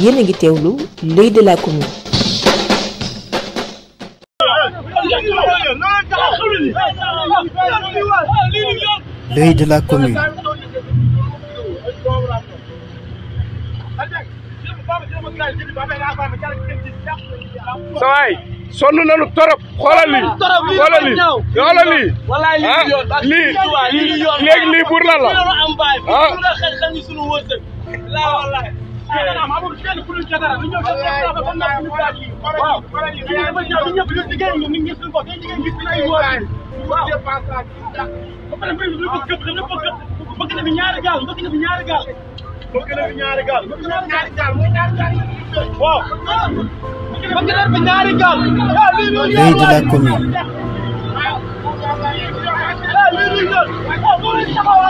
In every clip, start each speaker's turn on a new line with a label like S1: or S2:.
S1: yéen a ngi teewlu l'œil de de la commune. sawaay sonn nañu torop xoolal lii xoolal léegi lii pour lan la ah. amul kenn ku dul Diatara li ñëw Diatara dafa am administration waaw fii dafa ñëw ñun ñëpp ñu jigéen ñi ñu ngi suñu bopp dañu jigéen gis suñu ay wóor waaw ba pare mbir mi lu bëgg këpp dañu bëgg bëgg na fi ñaari gaal bëgg na fi ñaari gaal bëgg na fi ñaari gaal bëgg na fi ñaari gaal waaw bëgg na fi ñaari gaal lii di la
S2: commune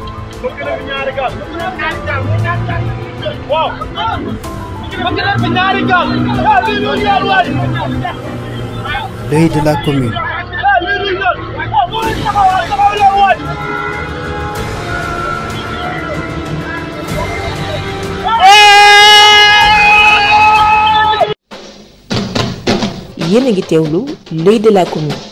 S1: bëgg na fi ñaari
S2: gaal.
S1: de la commune.